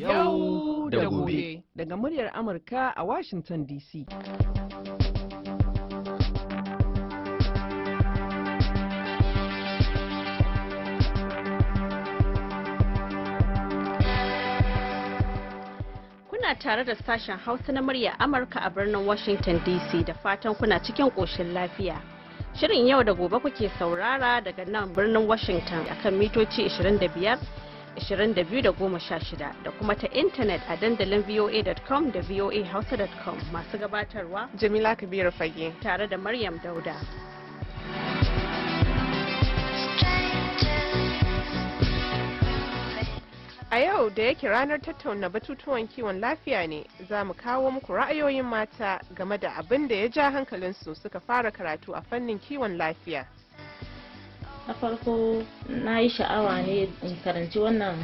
yau da gobe daga muryar amurka a washington dc kuna tare da sashen hausa na murya amurka a birnin washington dc da fatan kuna cikin ƙoshin lafiya shirin yau da gobe kuke saurara daga nan birnin washington akan mitoci 25 2016 da kuma ta intanet a dandalin voa.com da voahausa.com masu gabatarwa jamila kabiru fage tare da maryam dauda a yau da yake ranar tattauna batutuwan kiwon lafiya ne za mu kawo muku ra'ayoyin mata game da abin da ya ja hankalinsu suka fara karatu a fannin kiwon lafiya na farko na yi sha'awa ne in karanci wannan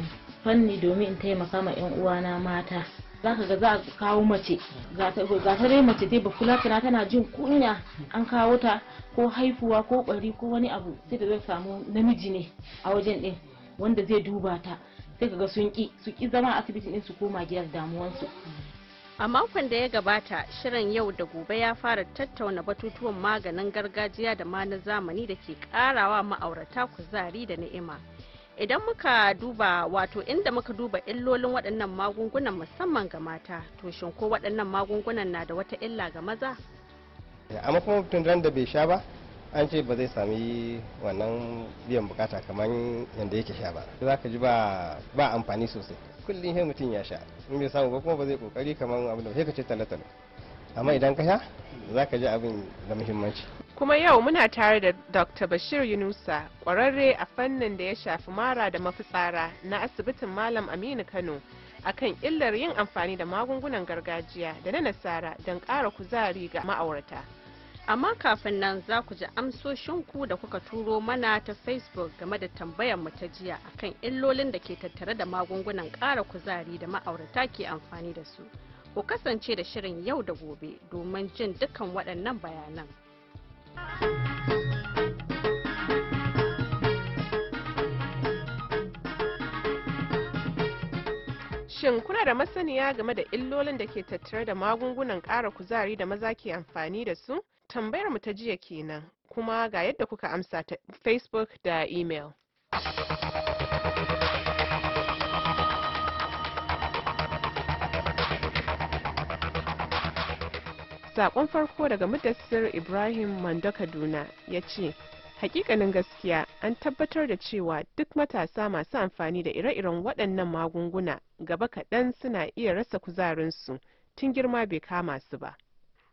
fanni domin in taimaka ma 'yan uwana mata za ka ga za a kawo mace za ta dai mace dai bafulatana tana jin kunya an kawo ta ko haifuwa ko bari ko wani abu sai da zai samu namiji ne a wajen din wanda zai duba ta sai ga sun ki su ki zama a asibitin din su koma giyar damuwansu a makon da ya gabata shirin yau da gobe ya fara tattauna batutuwan maganin gargajiya da ma na zamani da ke karawa ma'aurata kuzari da ni'ima idan muka duba wato inda muka duba illolin waɗannan magungunan musamman ga mata to shin ko waɗannan magungunan na da wata illa ga maza eh, amma kuma mutum ran da bai sha ba an ce ba zai sami wannan biyan bukata kamar yadda yake sha ba za ka ji ba amfani sosai kullum sai mutum ya sha in bai samu ba kuma ba zai kokari kamar abin da sai ka ce talatal amma idan ka sha za ka ji abin da muhimmanci kuma yau muna tare da dr bashir yunusa kwararre a fannin da ya shafi mara da mafitsara na asibitin malam aminu kano akan illar yin amfani da magungunan gargajiya da na nasara don kara kuzari ga ma'aurata amma kafin nan za ku ji amsoshinku da kuka turo mana ta facebook game da tambayar mu ta jiya akan illolin da ke tattare da magungunan ƙara kuzari da ma'aurata ke amfani da su ku kasance da shirin yau da gobe domin jin dukkan waɗannan bayanan Shin kuna da masaniya game da illolin da ke tattare da magungunan ƙara kuzari da maza ke amfani da su? tambayar mu ta jiya kenan kuma ga yadda kuka amsa ta facebook da email sakon farko daga mudassir ibrahim mando kaduna ya ce hakikanin gaskiya an tabbatar da cewa duk matasa masu amfani da ire-iren waɗannan magunguna gaba kaɗan suna iya rasa kuzarinsu tun girma bai kama su ba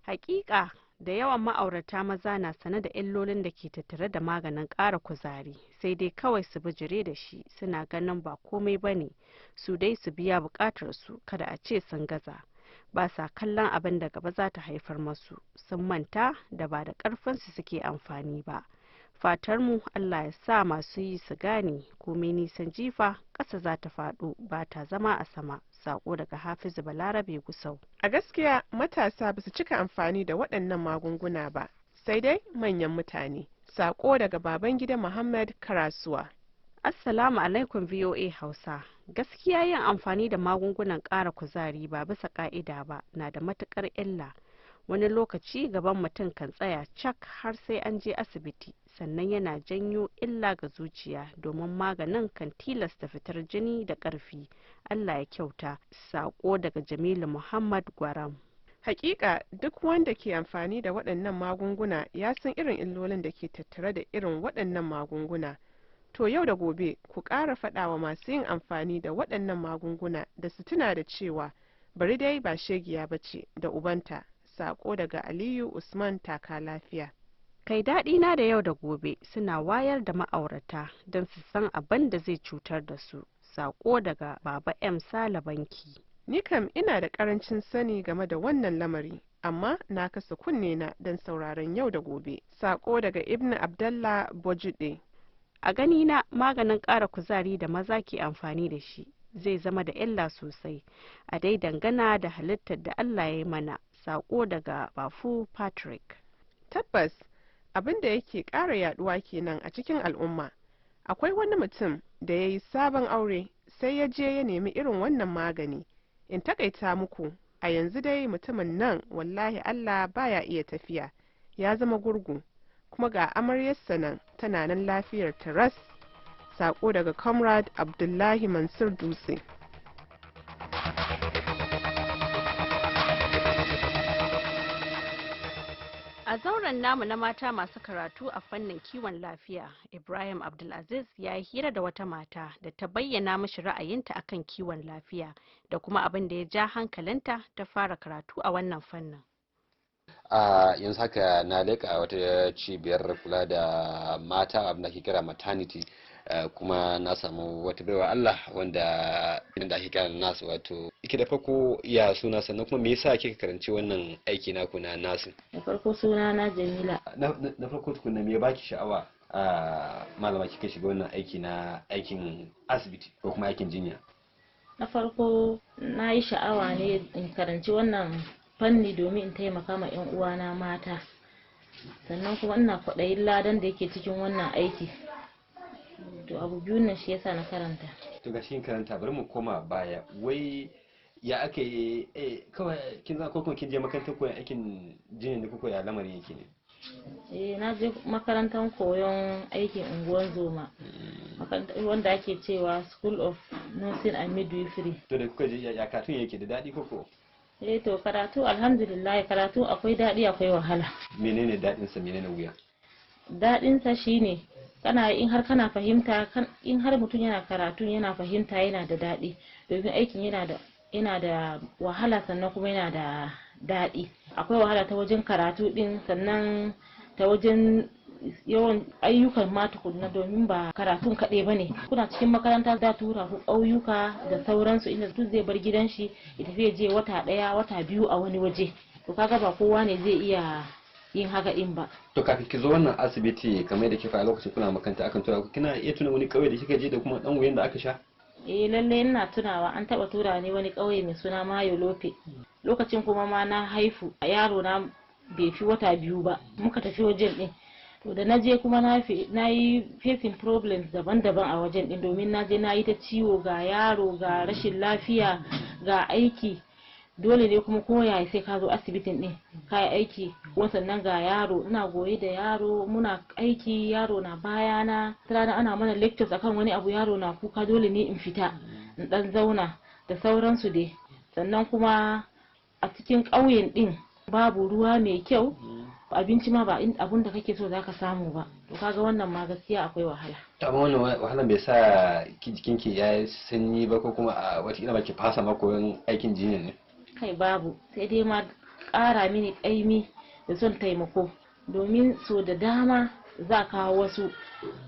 hakika da yawan ma'aurata maza na sane da illolin da ke tattare da maganin ƙara kuzari sai dai kawai su bijire da shi suna ganin ba komai ba ne su dai su biya buƙatar su kada a ce sun gaza ba sa kallon abin da gaba za ta haifar masu sun manta da ba da ƙarfinsu suke amfani ba fatar mu allah ya sa masu yi su gane komai nisan jifa ƙasa za ta faɗo ba ta zama a sama Sako daga Hafizu Balarabe Gusau. A gaskiya matasa basu cika amfani da waɗannan magunguna ba, sai dai manyan mutane. Sako daga baban Babangida Muhammad Karasuwa. Assalamu alaikum VOA Hausa. Gaskiya yin amfani da magungunan ƙara kuzari ba bisa ƙa'ida ba na da matuƙar illa wani lokaci gaban mutum kan tsaya cak har sai an je asibiti sannan yana janyo illa ga zuciya domin maganin kan tilasta fitar jini da ƙarfi allah ya kyauta saƙo daga jamilu muhammad gwaram hakika duk wanda ke amfani da waɗannan magunguna ya san irin illolin da ke tattare da irin waɗannan magunguna to yau da gobe ku ƙara wa masu yin amfani da waɗannan magunguna da su tuna da cewa bari dai ba shegiya ba ce da ubanta Sako daga Aliyu Usman taka lafiya. Kai daɗi na da yau da gobe suna wayar da ma'aurata don su san abin da zai cutar da su. Sako daga Baba M Sala Banki. Ni kam ina da ƙarancin sani game da wannan lamari, amma na kasa kunne na don sauraron yau da gobe. Sako daga Ibn Abdallah Bojude. A gani na maganin ƙara kuzari da maza ke amfani da shi zai zama da illa sosai a dai dangana da halittar da Allah ya yi mana Sako daga Bafu Patrick. Tabbas abin da yake kara yaduwa kenan a cikin al'umma. Akwai wani mutum da ya yi sabon aure sai ya je ya nemi irin wannan magani. In takaita muku a yanzu dai mutumin nan wallahi Allah baya iya tafiya ya zama gurgu kuma ga amaryarsa nan tana nan lafiyar taras Sako daga Comrade Abdullahi Mansur Dutse. A zauren namu na mata masu karatu a fannin kiwon lafiya, Ibrahim Abdulaziz ya yi hira da wata mata da ta bayyana mashi ra'ayinta akan kiwon lafiya da kuma abin da ya ja hankalinta ta fara karatu a wannan fannin. a yanzu haka na a wata cibiyar kula da mata abin da ake kira maternity eh, kuma na samu wata baiwa Allah wanda idan da ake kira nasu wato ike da farko ya suna sannan kuma me yasa kika karanci wannan aiki na na nasu Na farko suna na Jamila na farko tukunna me baki sha'awa a malama kika shiga wannan aiki na aikin asibiti ko kuma aikin jinya na farko na yi sha'awa ne in karanci wannan fanni domin in taimaka ma yan uwana mata sannan kuma ina kwaɗayin ladan da yake cikin wannan aiki to abu biyu nan shi yasa na karanta to ga shi karanta bari mu koma baya wai ya aka yi eh, kawai kin za kokon kin je makarantar koyon aikin jinin da kuka ya lamari yake ne eh na je makarantar koyon aikin unguwar zoma wanda ake cewa school of nursing and midwifery to da kuka je ya katun yake da daɗi koko eh to karatu alhamdulillah karatu akwai daɗi akwai wahala menene dadin sa menene wuya dadin sa shine kana in har kana fahimta in har mutum yana karatu yana fahimta yana da daɗi domin aikin yana da yana da wahala sannan kuma yana da daɗi akwai wahala ta wajen karatu ɗin sannan ta wajen yawan ayyukan ma tukunna domin ba karatun kaɗai ba ne kuna cikin makaranta za tura ku ƙauyuka da sauransu inda duk zai bar gidan shi ya tafi je wata ɗaya wata biyu a wani waje to kaga ba kowa ne zai iya yin haka in ba to kafin ki zo wannan asibiti kamar da kika a lokacin kuna makaranta akan tura ku kina iya tuna wani ƙauye da kika je da kuma ɗan wuyan da aka sha eh lalle ina tunawa an taba tura ni wani ƙauye mai suna mayo lofe lokacin kuma ma na haifu a yaro na bai fi wata biyu ba muka tafi wajen din to da na je kuma na yi facing problems daban-daban a wajen din domin na je na yi ta ciwo ga yaro ga rashin lafiya ga aiki dole ne kuma koya sai ka zo asibitin din ka yi aiki kuma sannan ga yaro ina goyi da yaro muna aiki yaro na bayana rana ana mana lectures akan wani abu yaro na kuka dole ne in fita in dan zauna da sauransu dai sannan kuma a cikin ƙauyen din babu ruwa mai kyau hmm. abinci ma ba abun da kake so zaka samu ba to kaga wannan ma gaskiya akwai wahala to amma wannan wahalan bai sa jikinki ya sanyi ba ko kuma a wata ina baki fasa makoyin aikin jinin ne kai babu sai dai ma ƙara mini ƙaimi da son taimako domin so da dama za kawo wasu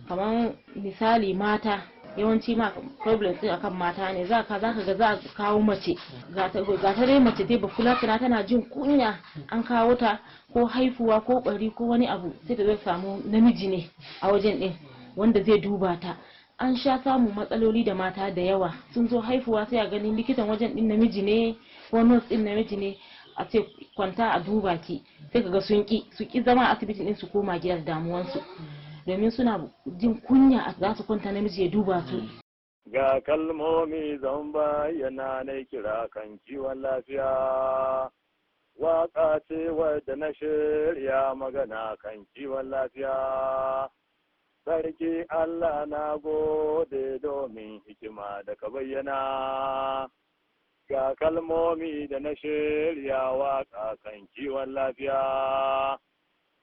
kamar misali mata yawanci ma problems din akan mata ne za ka za ka ga za a kawo mace ga ta dai mace dai kula tana tana jin kunya an kawo ta ko haifuwa ko bari ko wani abu sai ta zai samu namiji ne a wajen din wanda zai duba ta an sha samu matsaloli da mata da yawa sun zo haifuwa sai a ganin likitan wajen din namiji ne ko nurse din namiji ne a ce kwanta a duba ki sai ga sun ki su ki zama a asibitin din su koma gidan damuwansu domin suna jin kunya a za su kwanta namiji ya duba su hmm. ga kalmomi zan bayyana na kira kan kiwon lafiya waƙa ce wadda na shirya magana kan kiwon lafiya sarki allah na gode domin hikima da ka bayyana ga kalmomi da na shirya waƙa kan kiwon lafiya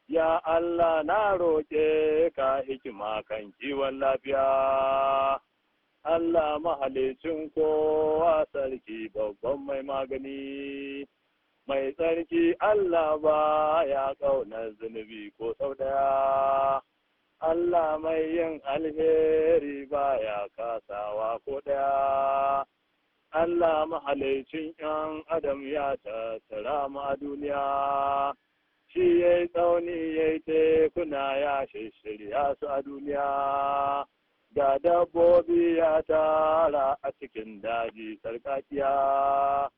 Ya Allah na roƙe ka hikima kan kiwon lafiya. Allah mahalicin kowa sarki babban mai magani. Mai tsarki Allah ba ya ƙaunar zunubi ko sau ɗaya. Allah mai yin alheri ba ya kasawa ko ɗaya. Allah mahalicin ‘yan Adam ya tattara mu duniya. shi ya yi tsauni ya yi tekuna ya shirya su a duniya da dabbobi ya tara a cikin daji sarkakiya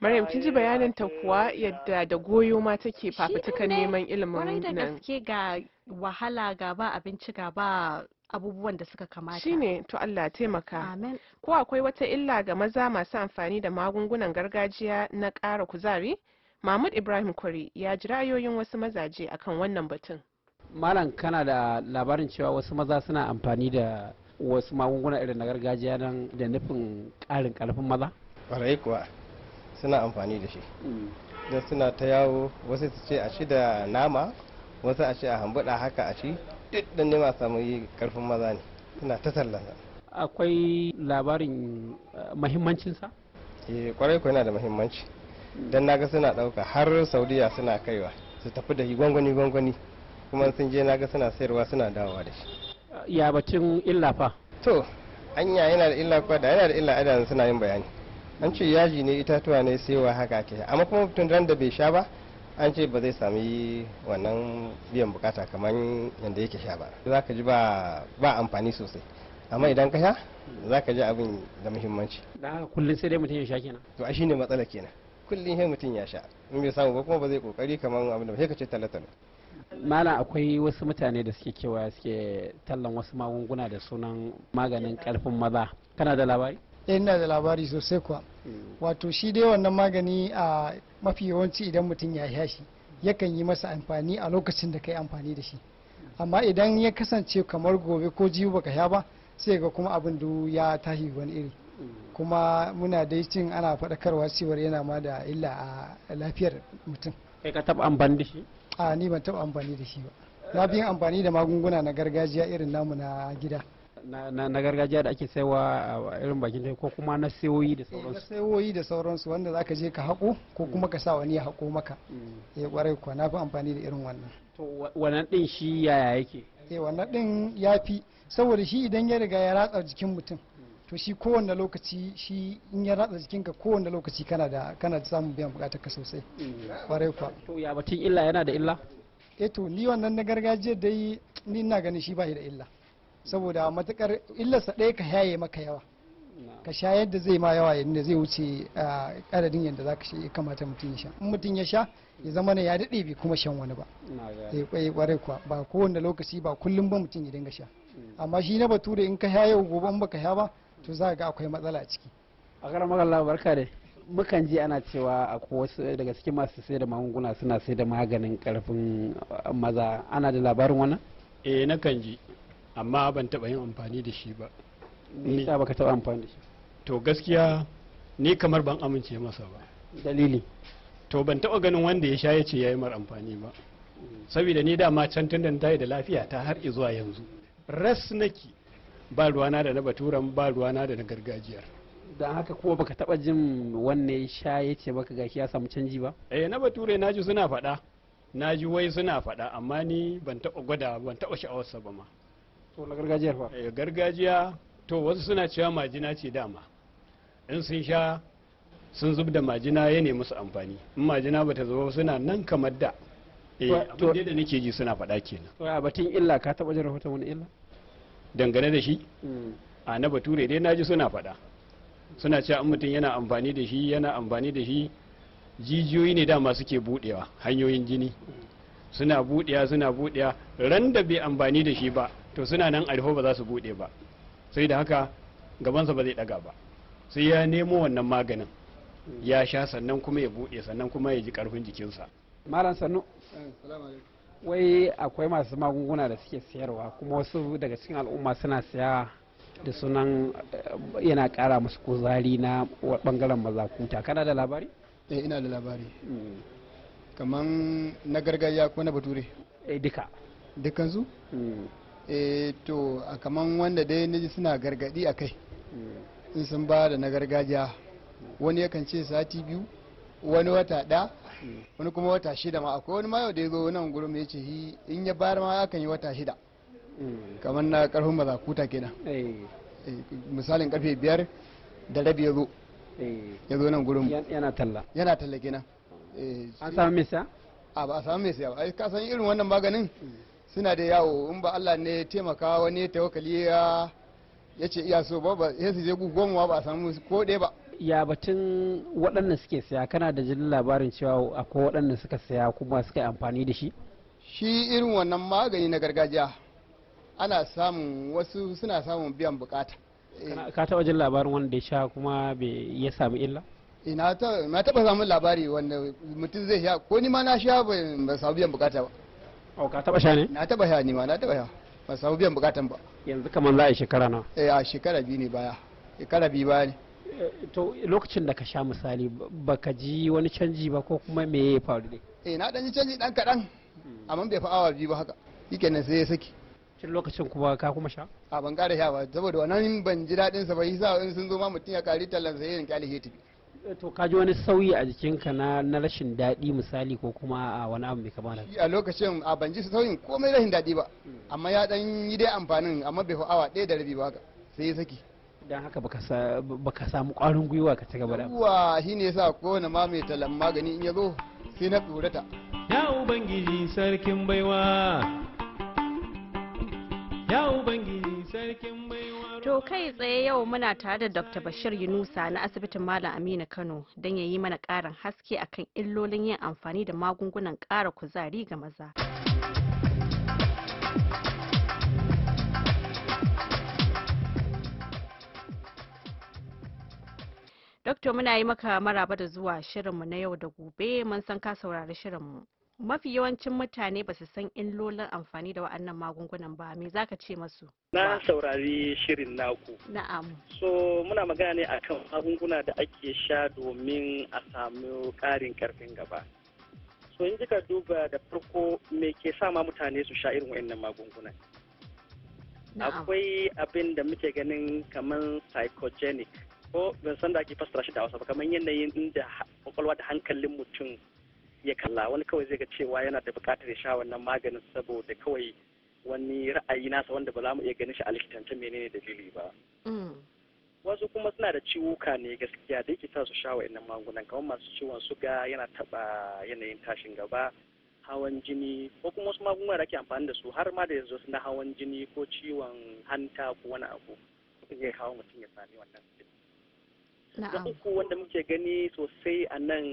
Maryam kin ji bayanin ta kuwa yadda da goyo ma take fafutukan neman ilimin nan. da gaske ga wahala ga ba abinci ga ba abubuwan da suka kamata. Shine to Allah taimaka. Amen. Ko akwai wata illa ga maza masu amfani da magungunan gargajiya na ƙara kuzari? mahmud ibrahim kwari ya ji ra'ayoyin wasu mazaje akan wannan batun malam kana da labarin cewa wasu maza suna amfani da wasu magunguna irin na gargajiya nan da nufin ƙarin ƙarfin maza ƙwarai kuwa suna amfani da shi mm. don suna ta yawo wasu su ce a shi da nama wasu a ce a hambuɗa haka a shi duk da ne samu samu ƙarfin maza ne suna ta tallata akwai labarin eh, mahimmancinsa? eh kwarai kuwa yana da mahimmanci don naga suna ɗauka har saudiya suna kaiwa su tafi da gwangwani gwangwani kuma sun je naga suna sayarwa suna dawowa da shi ya batun illa fa to anya yana da illa kwa da yana da illa idan suna yin bayani an ce yaji ne itatuwa ne sai wa haka ke amma kuma mutum ran da bai sha ba an ce ba zai sami wannan biyan bukata kamar yadda yake sha ba za ka ji ba amfani sosai amma idan ka sha za ka ji abin da muhimmanci da kullum sai dai mutum ya sha kenan to a shine matsala kenan kullum sai mutum ya sha in bai samu ba kuma ba zai kokari kamar abin da sai ka ce talatal akwai wasu mutane da suke kewa suke tallan wasu magunguna da sunan maganin karfin maza kana da labari eh, ina da labari sosai kuwa hmm. wato shi dai wannan magani a mafi yawanci idan mutum ya sha shi yakan yi masa amfani a lokacin da kai amfani da shi amma idan ya kasance kamar gobe ko jibi baka sha ba sai ga kuma abin da ya tahi wani iri kuma muna dai cin ana faɗakarwa cewar yana ma da illa a lafiyar mutum kai ka taɓa amfani da shi a ni ban taɓa amfani da shi ba na biyan amfani da magunguna na gargajiya irin namu na gida na gargajiya da ake saiwa a irin bakin ko kuma na sayoyi da eh, sauransu na sayoyi da sauransu wanda za ka je ka haƙo ko kuma ka sa wani ya haƙo maka ya mm. eh, ƙwarai kuwa na fi amfani da irin wannan to wannan ɗin shi yaya yake eh wannan ɗin ya fi saboda shi idan ya riga ya ratsa jikin mutum to shi kowane lokaci shi in ya ratsa jikinka kowanne lokaci kana da kana da samun biyan bukatar ka sosai kwarai kwa to ya batun illa yana da illa eh to ni wannan na gargajiya dai ni ina ganin shi ba da illa saboda matakar illarsa ɗaya ka yaye maka yawa ka sha yadda zai ma yawa yadda zai wuce adadin yadda za ka sha kamata mutum ya sha in mutum ya sha ya zama na ya daɗe bai kuma shan wani ba zai eh, kwaye kwarai kuwa ba kowane lokaci ba kullum ba mutum ya dinga sha amma shi na bature in ka sha yau gobe in baka sha ba to za ga akwai matsala a ciki a karamar Allah barka da mukan ji ana cewa a wasu daga cikin masu sai da magunguna suna sai da maganin karfin maza ana da labarin wannan eh kan ji amma ban taba yin amfani da shi ba ni ba baka taba amfani da shi to gaskiya ni kamar ban amince masa ba dalili to ban taba ganin wanda ya sha ya ce yayi mar amfani ba saboda ni dama can tun da ta yi da lafiya ta har zuwa yanzu ras naki. ba ruwana da na baturan ba ruwana da na gargajiyar don haka kuma baka taba jin wanne sha ya ce baka gashi ya samu canji ba eh na bature na ji suna faɗa na ji wai suna faɗa amma ni ban taɓa gwada ban taɓa sha'awarsa ba ma to na gargajiyar fa eh gargajiya to wasu suna cewa majina ce dama in sun sha sun zub da majina ya ne musu amfani in majina bata zuba suna nan kamar da eh abin da nake ji suna faɗa kenan to a batun illa ka taɓa jin rahoton wani illa dangane da shi mm. a na bature dai ji suna faɗa suna cewa in mutum yana amfani da shi yana amfani da shi jijiyoyi ne dama suke budewa hanyoyin jini suna budewa suna budewa ran da bai amfani da shi ba to suna nan alho ba za su bude ba sai da haka gabansa ba zai daga ba sai ya nemo wannan maganin mm. ya sha sannan kuma ya bude sannan kuma ya ji karfin jikinsa malam sannu eh, wai akwai masu magunguna da suke sayarwa kuma wasu daga cikin al'umma suna saya da sunan eh, yana kara musu kuzari na bangaren mazakuta kana da labari? eh ina da labari hmm. kamar na gargajiya ko na bature? eh duka dukansu? Hmm. eh to a kaman wanda dai naji suna gargadi a kai hmm. in sun ba da na gargajiya wani yakan ce sati biyu wani wata ɗaya hmm. wani kuma wata shida ma akwai wani mayo da ya zo nan gurin mai ce in ya bayar ma akan yi wata shida hmm. kamar na karfin mazakuta kenan eh. Eh, misalin karfe biyar da rabi ya zo eh. ya zo nan gurin yana talla yana talla kenan an samu mesa a ba a samu mesa ba ka san irin wannan maganin hmm. suna da yawo in ba Allah ne ya taimaka wani tawakkali ya ya ce iya so ba ba sai su je goma ba a samu ko ɗaya ba ya batun waɗanda suke saya kana da jin labarin cewa akwai waɗanda suka saya kuma suka yi amfani da shi shi irin wannan magani na gargajiya ana samun wasu suna samun biyan bukata ka taɓa jin labarin wanda ya sha kuma ya samu illa eh, Na taɓa samun labari wanda mutum zai sha ko ni ma na sha ba samu biyan bukata ba au oh, ka taɓa sha ne na taɓa sha nima ma na taɓa sha ba samu biyan bukatan ba yanzu kamar za a yi shekara na eh a shekara biyu ne baya shekara biyu baya ne to lokacin da ka sha misali baka ji wani canji ba ko kuma me ya faru ne eh na dan ji canji dan kadan amma bai fa awa biyu ba haka shikenan sai ya saki Cin lokacin kuma ka kuma sha a ban kare sha ba saboda wannan ban ji dadin sa ba yasa in sun zo ma mutum ya kari tallan sai yin kyale hetibi to ka ji wani sauyi a jikinka na na rashin dadi misali ko kuma a wani abu mai kama da a lokacin a ban ji sauyin komai rashin dadi ba hmm. amma ya dan yi dai amfanin amma bai fa awa ɗaya da rabi ba haka sai ya saki dan haka baka samu ƙarin gwiwa ka ci gaba da yawa shine yasa kowane ma mai talan magani in yazo sai na tsorata ya ubangiji sarkin baiwa ya ubangiji sarkin baiwa to kai tsaye yau muna tare da dr bashir yunusa na asibitin malam aminu kano don ya yi mana ƙarin haske akan illolin yin amfani da magungunan ƙara kuzari ga maza Dokto muna yi maka maraba da zuwa shirinmu na yau da gobe mun san ka saurari shirinmu. Mafi yawancin mutane ba su san illolin amfani da wa'annan magungunan ba me zaka ce masu? Na saurari shirin naku. Na'am. So muna magana ne akan magunguna da ake sha domin a samu ƙarin karfin gaba. So in jika duba da farko me ke sa ma mutane su sha irin wa'annan magungunan? Akwai abin da muke ganin kamar psychogenic. ko ban san da ake fassara shi da Hausa ba kamar yanayin inda kwakwalwa da hankalin mutum ya kalla wani kawai zai ga cewa yana da buƙatar ya sha wannan maganin saboda kawai wani ra'ayi nasa wanda ba za mu iya ganin shi a likitance menene dalili ba. Mm. Wasu kuma suna da ciwuka ne gaskiya da yake sa su sha wa wa'annan magungunan kamar masu ciwon suga yana taɓa yanayin tashin gaba hawan jini ko kuma wasu magunguna da ake amfani da su har ma da yanzu na hawan jini ko ciwon hanta ko wani abu zai kawo mutum ya sami wannan na uku wanda muke gani sosai a nan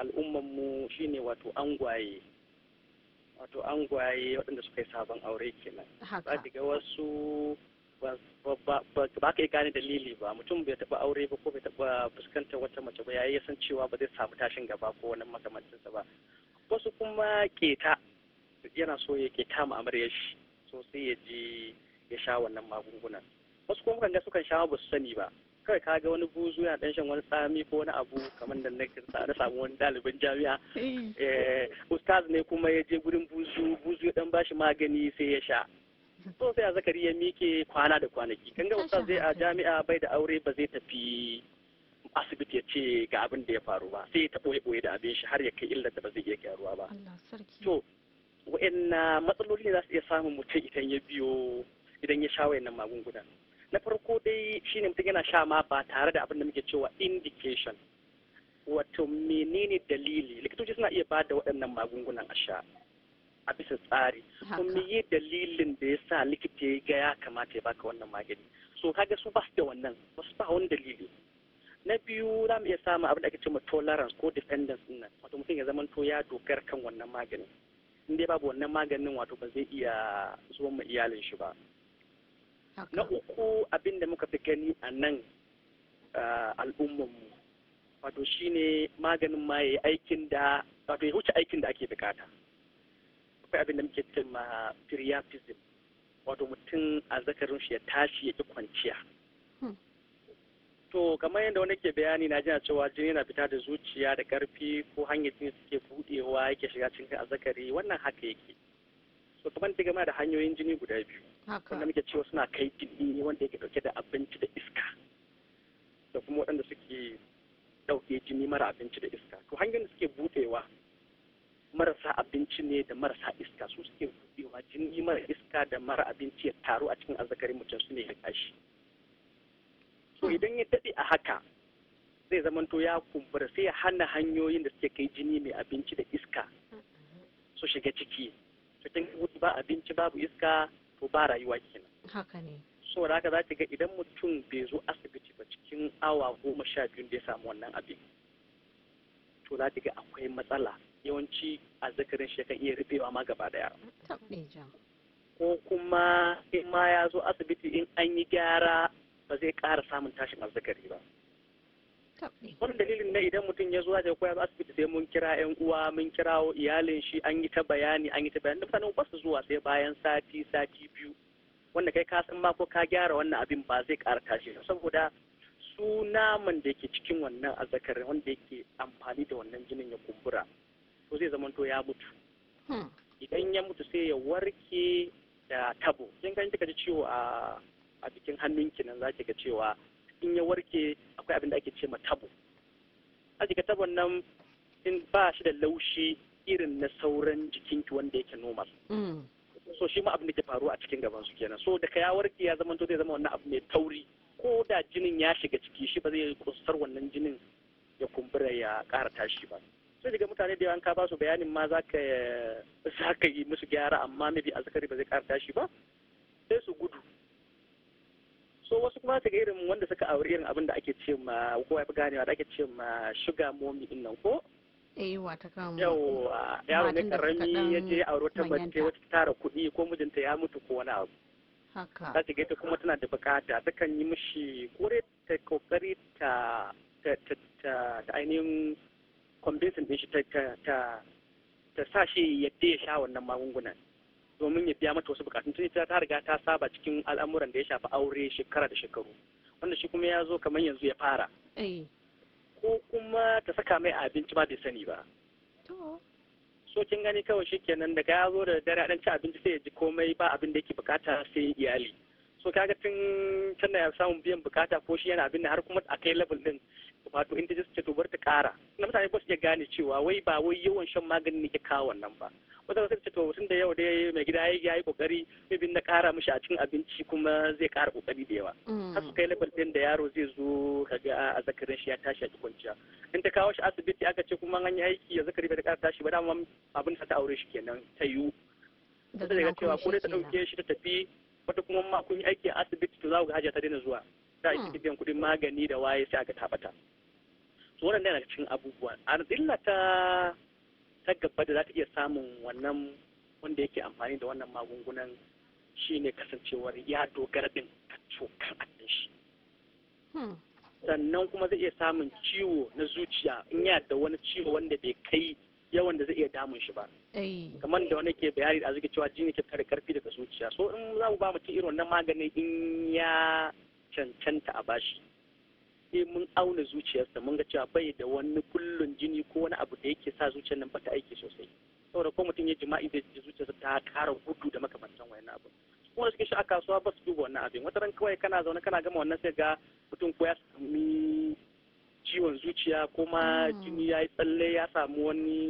al'ummanmu shine wato angwaye wato angwaye waɗanda suka yi sabon aure kenan za ga wasu ba ka yi gane dalili ba mutum bai taɓa aure ba ko bai taɓa fuskantar wata mace ba yayi san cewa ba zai samu tashin gaba ko wani makamancinsa ba wasu kuma keta yana so ya keta ma amarya shi sosai ya ji ya sha wannan magungunan wasu kuma kan ga sukan sha ba su sani ba kawai ka ga wani buzu yana dan shan wani tsami ko wani abu kamar da na kirsa na samu wani dalibin jami'a eh. Eh, ustaz ne kuma ya je gurin buzu buzu ya dan bashi magani sai ya sha so sai zakari ya mike kwana da kwanaki kan ga ustaz zai a jami'a bai da aure ba zai tafi asibiti ya ce ga abin da ya faru ba sai ta boye boye da abin shi har ya kai illar da ba zai iya kyaruwa ba to wa'in matsaloli ne za su iya samun mutum idan ya biyo idan ya sha wayannan magungunan na farko dai shine mutum yana sha ma ba tare da abin da muke cewa indication wato menene dalili likitoci suna iya ba da waɗannan magungunan a sha a bisa tsari to me yi dalilin da ya sa likita ya ga ya kamata ya baka wannan magani so kaga su ba su da wannan ba su ba wani dalili na biyu za mu iya samun abin da ake cewa tolerance ko dependence nan wato mutum ya zamanto ya dogar kan wannan maganin in dai babu wannan maganin wato ba zai iya zuwa ma iyalin shi ba na uku abin da muka fi gani a nan al'ummanmu wato shi ne maganin ma ya aikin da wato ya wuce aikin da ake bukata akwai abin da muke ce ma priapism wato mutum a zakarin shi ya tashi ya ki kwanciya hmm. to kamar yadda wani ke bayani na jina cewa jini yana fita da zuciya da karfi ko hanyar jini suke budewa yake shiga cikin azzakari wannan haka yake so kamar ta gama da hanyoyin jini guda biyu wanda muke cewa suna kai ne wanda yake dauke da abinci da iska da kuma waɗanda suke ɗauke jini mara abinci da iska to hanyar da suke buɗewa marasa abinci ne da marasa iska su suke buɗewa jini mara iska da mara abinci ya taru a cikin azzakarin mutum su ne ya tashi so hmm. idan ya daɗe a haka zai zamanto ya kumbura sai ya hana hanyoyin da suke kai jini mai abinci da iska su shiga ciki cikin ba abinci babu iska to ba rayuwa kenan haka ne da haka za ga idan mutum bai zo asibiti ba cikin awa goma sha biyun da ya samu wannan abin to za ga akwai matsala yawanci a zakarin shi kan iya rufewa ma gaba daya ko kuma in ma ya zo asibiti in an yi gyara ba zai ƙara samun tashin azzakari ba wani dalilin na idan mutum ya zuwa da koya asibiti sai mun kira yan uwa mun kirawo iyalin shi an yi ta bayani an yi ta bayani mutanen ba su zuwa sai bayan sati sati biyu wanda kai ka san mako ka gyara wannan abin ba zai ƙara tashi saboda su naman da yake cikin wannan azzakari wanda yake amfani da wannan jinin ya kumbura to zai zamanto ya mutu hmm. idan ya mutu sai ya warke da tabo kin ganin kika ji ciwo a a jikin hannunki nan zaki ga cewa in ya warke akwai abin da ake ce ma tabo jika tabon nan in ba shi da laushi irin na sauran jikinki wanda yake normal mm. so shi ma abin da ke faruwa a cikin gaban su kenan so da ya warke ya zama to zai zama wannan abu mai tauri ko da jinin ya shiga ciki shi ba zai kusar wannan jinin ya kumbura ya ƙara tashi ba sai daga mutane da yawan ka ba su bayanin ma za ka yi musu gyara amma mabi azzakari ba zai ƙara tashi ba sai su gudu so wasu kuma ta ga irin wanda suka auri irin abin da ake ce ma ko ya ganewa da ake ce ma sugar mommy din nan ko eh wata yawa yaro ne karami ya je aure ta mace wata tara kuɗi ko mijinta ya mutu ko wani abu haka za ta ga kuma tana da bukata takan yi mishi kore ta kokari ta ta ainihin convincing din shi ta ta ta sa shi yadda ya sha wannan magungunan domin ya biya mata wasu bukatun tun ita ta riga ta saba cikin al'amuran da ya shafi aure shekara da shekaru wanda shi kuma ya zo kamar yanzu ya fara eh. ko kuma ta saka mai abinci ba bai sani ba so kin gani kawai shikenan daga ya zo da dare dan ci abinci sai ya ji komai ba abin da yake bukata sai iyali so ga tun can na samun biyan bukata ko shi yana abin har kuma a kai level din wato in ta to bar ta kara na mutane ba su iya gane cewa wai ba wai yawan shan magani ne ke kawo wannan ba wata ba ce to tun da yau dai mai gida ya yi kokari bin na kara mushi a cikin abinci kuma zai kara kokari da yawa mm. har su kai level din da yaro zai zo kaga a zakarin shi ya tashi a kwanciya in ta kawo shi asibiti aka ce kuma an yi aiki ya zakari bai da kara tashi ba dama abin da ta aure shi kenan ta yiwu ta cewa ko ne ta dauke shi ta tafi wata kuma ma kun yi aiki a asibiti to za ku hajiya ta daina zuwa ta yi hmm. biyan kuɗin magani da waye sai aka tabata to wannan yana cikin abubuwa illa ta ta gaba da za ta iya samun wannan wanda yake amfani da wannan magungunan shine kasancewar ya dogara din a cokar addin shi hmm. sannan kuma zai iya samun ciwo na zuciya in yada da wani ciwo wanda bai kai yawan da zai iya damun shi ba kamar da wani ke bayani da azuki cewa jini ke kare karfi daga zuciya so in za mu ba mutum irin wannan maganin in ya cancanta a bashi sai mun auna zuciyarsa mun ga cewa bai da wani kullun jini ko wani abu da yake sa zuciyar nan bata aiki sosai saboda ko mutum ya jima'i da zuciyarsa ta kara gudu da makamantan wani abu kuma suke shi a kasuwa ba su duba wannan abin wata ran kawai kana zaune kana gama wannan sai ga mutum ko ya sami ciwon zuciya kuma mm. jini ya yi tsalle ya samu wani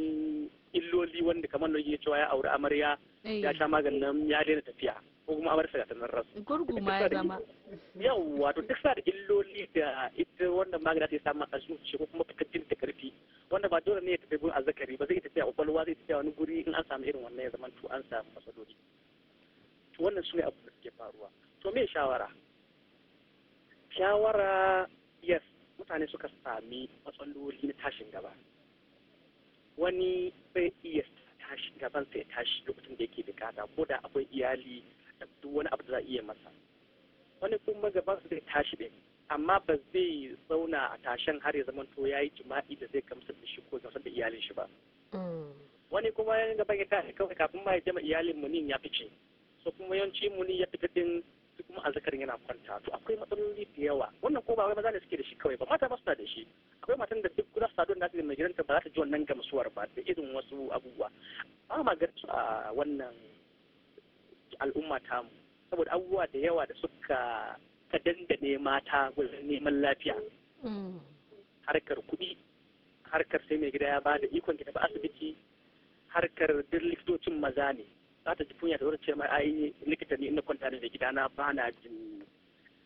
illoli wanda kamar da yake cewa ya auri amarya eh. ya sha maganin ya daina tafiya ko kuma amarya ga tanar rasu. Gurguma ma ya zama. Yawwa to duk sa da illoli da ita wanda magana ta yi samu a zuciya ko kuma fitattun ta karfi wanda ba dole ne ya tafi gun azzakari ba zai tafiya a kwakwalwa zai tafiya wani guri in an samu irin wannan ya zama to an samu matsaloli. To wannan su ne abu da suke faruwa. To me shawara? Shawara mutane suka sami matsaloli na tashin gaba wani bai iya tashi gaban sai tashi lokacin da yake bukata ko da akwai iyali da duk wani abu da za a iya masa wani kuma gaban zai tashi din amma ba zai zauna a tashen har ya zaman to yayi jima'i da zai gamsar da shi ko gamsar da iyalin shi ba mm. wani kuma ya gaban ya tashi kawai kafin ma ya jama iyalin munin ya fice so kuma yawanci munin ya fita din kuma azzakarin yana kwanta to akwai matsaloli da yawa wannan ko ba wai maza ne suke da shi kawai ba mata ba suna da shi akwai matan da duk za su sadu da mai gidanta ba za ta ji wannan gamsuwar ba da irin wasu abubuwa ba ma ga a wannan al'umma tamu saboda abubuwa da yawa da suka ka dandane mata wajen neman lafiya mm. harkar kuɗi harkar sai mai gida ya ba da ikon ta ba asibiti harkar duk likitocin maza ne za ta ji kunya da wurin ce mai ai likita ne ina kwanta da gidana ba na jin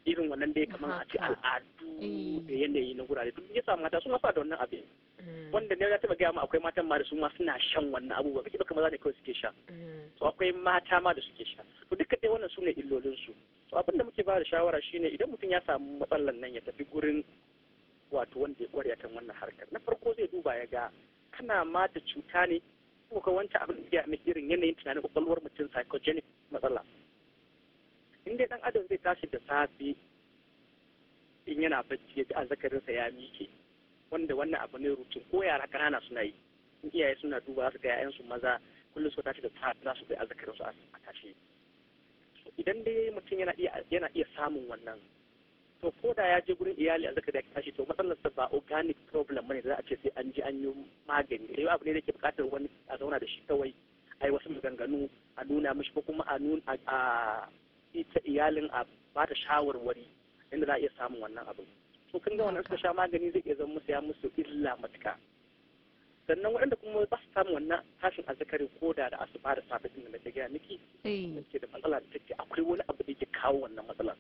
irin wannan dai kamar a ce al'adu eh. da yanayi na gurare duk samu mata suna fa da wannan abin mm. wanda ne ya taba gaya mu akwai matan ma da su ma suna shan wannan abubuwa kake kamar za ne kawai suke sha mm. to akwai mata ma da suke sha to duka dai wannan su ne illolin su to abin da muke ba da shawara shine idan mutum ya samu matsalar nan ya tafi gurin wato wanda ya kware kan wannan harkar na farko zai duba ya ga kana mata cuta ne ko ka wancan abin da ya irin yanayin tunanin kwakwalwar mutum psychogenic matsala in dai dan adam zai tashi da safe in yana bacci ya ji azzakarinsa ya mike wanda wannan abu ne rutin ko yara kanana suna yi in iyaye suna duba za su ga 'ya'yansu maza kullum su tashi da safe za su ga azzakarinsu a tashi idan dai mutum yana iya samun wannan to ko da ya je gurin iyali a zaka da ki tashi to matsalar sa ba organic problem bane za a ce sai an ji an yi magani sai abu ne da ke bukatar wani a zauna da shi kawai a yi wasu maganganu a nuna mishi ko kuma a nuna a ita iyalin a ba ta shawarwari inda za a iya samun wannan abin to kun ga wannan suka sha magani zai iya zama musu ya musu illa matuka sannan waɗanda kuma ba su samu wannan tashin azzakari ko da da asuba da safe din da nake gaya miki eh. ke da matsala da take akwai wani abu da ke kawo wannan matsalar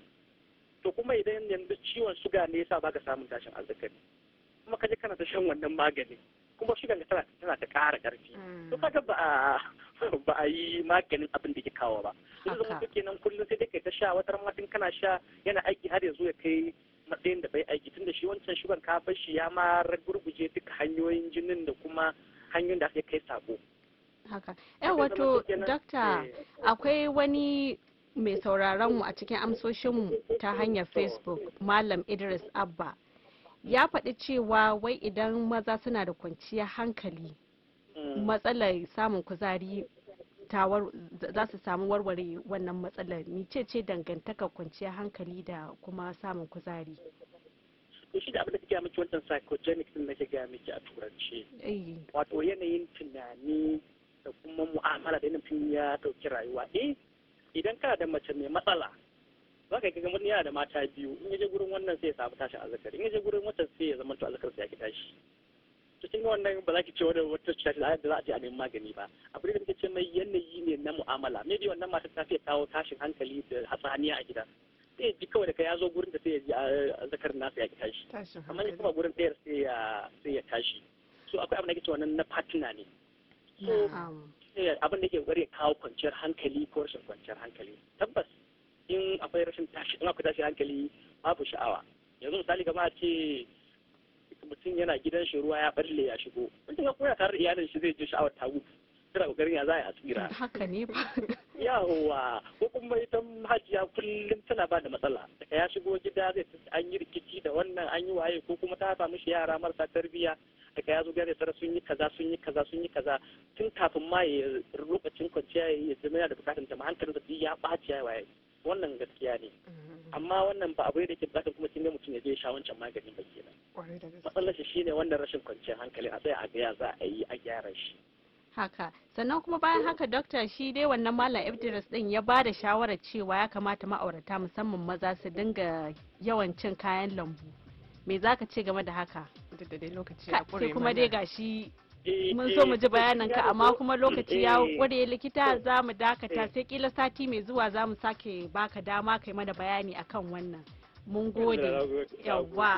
to kuma idan yanzu ciwon suga ne yasa baka samun tashin azzakari kuma kaje kana ta shan wannan magani kuma sugan tana tana ta ƙara ƙarfi to kaga ba ba a yi maganin abin da ke kawo ba yanzu zama kenan kullum sai dai ta sha wata ramatin kana sha yana aiki har yanzu ya kai matsayin da bai aiki tunda shi wancan shugan ka bar shi ya ma gurguje duka hanyoyin jinin da kuma hanyoyin da aka kai sako haka yawa eh, wato dokta eh. akwai wani mai sauraronmu a cikin amsoshinmu ta hanyar facebook malam idris abba ya faɗi cewa wai idan maza suna da kwanciyar hankali mm. matsalar samun kuzari za su samu warware wannan matsalar mice ce dangantaka kwanciyar hankali da kuma samun kuzari shi da abin da gaya miki wannan psychogenic din nake gaya miki a turance eh. wato yanayin tunani da kuma mu'amala da yanayin ya dauki rayuwa eh idan kana da mace mai matsala za ka ga wani yana da mata biyu in yaje gurin wannan sai ya samu tashin azzakari in yaje gurin wata sai ya zama to azzakar sai ya ki tashi to kin wannan ba za ki ce wani wata cuta da za a je a nemi magani ba abin da muke ce mai yanayi ne na mu'amala maybe wannan matar ta fiye kawo tashin hankali da hatsaniya a gida sai ya ji kawai da ka ya zo gurin da sai ya ji ah, na nasa ya ki tashi amma ya kuma gurin ɗayar sai ya tashi so akwai abin da ke ce wannan na partner ne so ce abin da ke kokari kawo kwanciyar hankali ko rashin kwanciyar hankali tabbas in akwai rashin tashi in akwai tashi hankali babu sha'awa yanzu misali gama ce mutum yana gidan shi ruwa ya barle ya shigo mutum ya koya tare da iyalin shi zai je sha'awar tagu kira kokarin ya za a tsira haka ne ba yawa ko kuma ita hajiya kullum tana ba da matsala daga ya shigo gida zai an yi rikici da wannan an yi waye ko kuma ta hafa mishi yara marasa tarbiyya daga ya zo gane tsara sun yi kaza sun yi kaza sun yi kaza tun kafin ma ya lokacin kwanciya ya zama da bukatun jama'a hankalin da ya ɓaci ya waye wannan gaskiya ne mm. amma wannan ba abu da ke bukatar kuma sun ga mutum ya je sha wancan maganin ba kenan matsalar shi shine wannan rashin kwanciyar hankali a tsaye a ga ya za a yi a gyara shi haka sannan kuma bayan haka dokta shi dai wannan malam idris din ya ba da shawarar cewa ya kamata ma'aurata musamman maza su dinga yawan cin kayan lambu me za ka ce game da haka da dai lokaci ya kuma dai gashi eh, mun eh, so mu ji bayanin ka amma kuma lokaci ya kware likita eh, za mu dakata sai kila sati mai zuwa za mu sake baka dama kai mana bayani akan wannan mun gode yawwa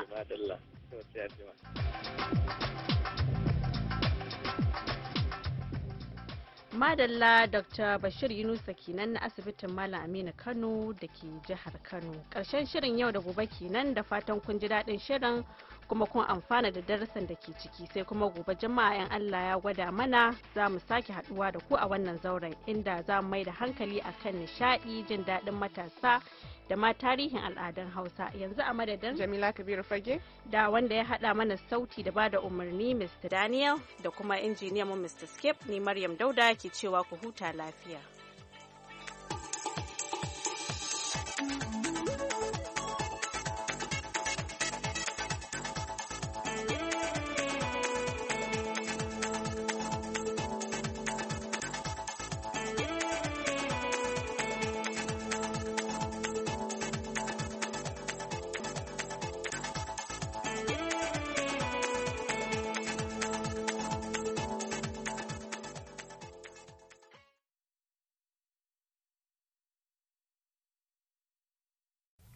madalla dr bashir yunus kenan na asibitin malam aminu kano da ke jihar kano karshen shirin yau da gobe kenan da fatan kun ji daɗin shirin kuma kun amfana da darasin da ke ciki sai kuma gobe jama'a yan allah ya gwada mana za mu sake haduwa da ku a wannan zauren inda za mu mai da hankali akan nishaɗi jin daɗin matasa da ma tarihin al'adun hausa yanzu a madadin jamila kabiru fage da wanda ya hada mana sauti da bada umarni mr daniel da kuma injiniya mu mr skip ne maryam dauda ke cewa ku huta lafiya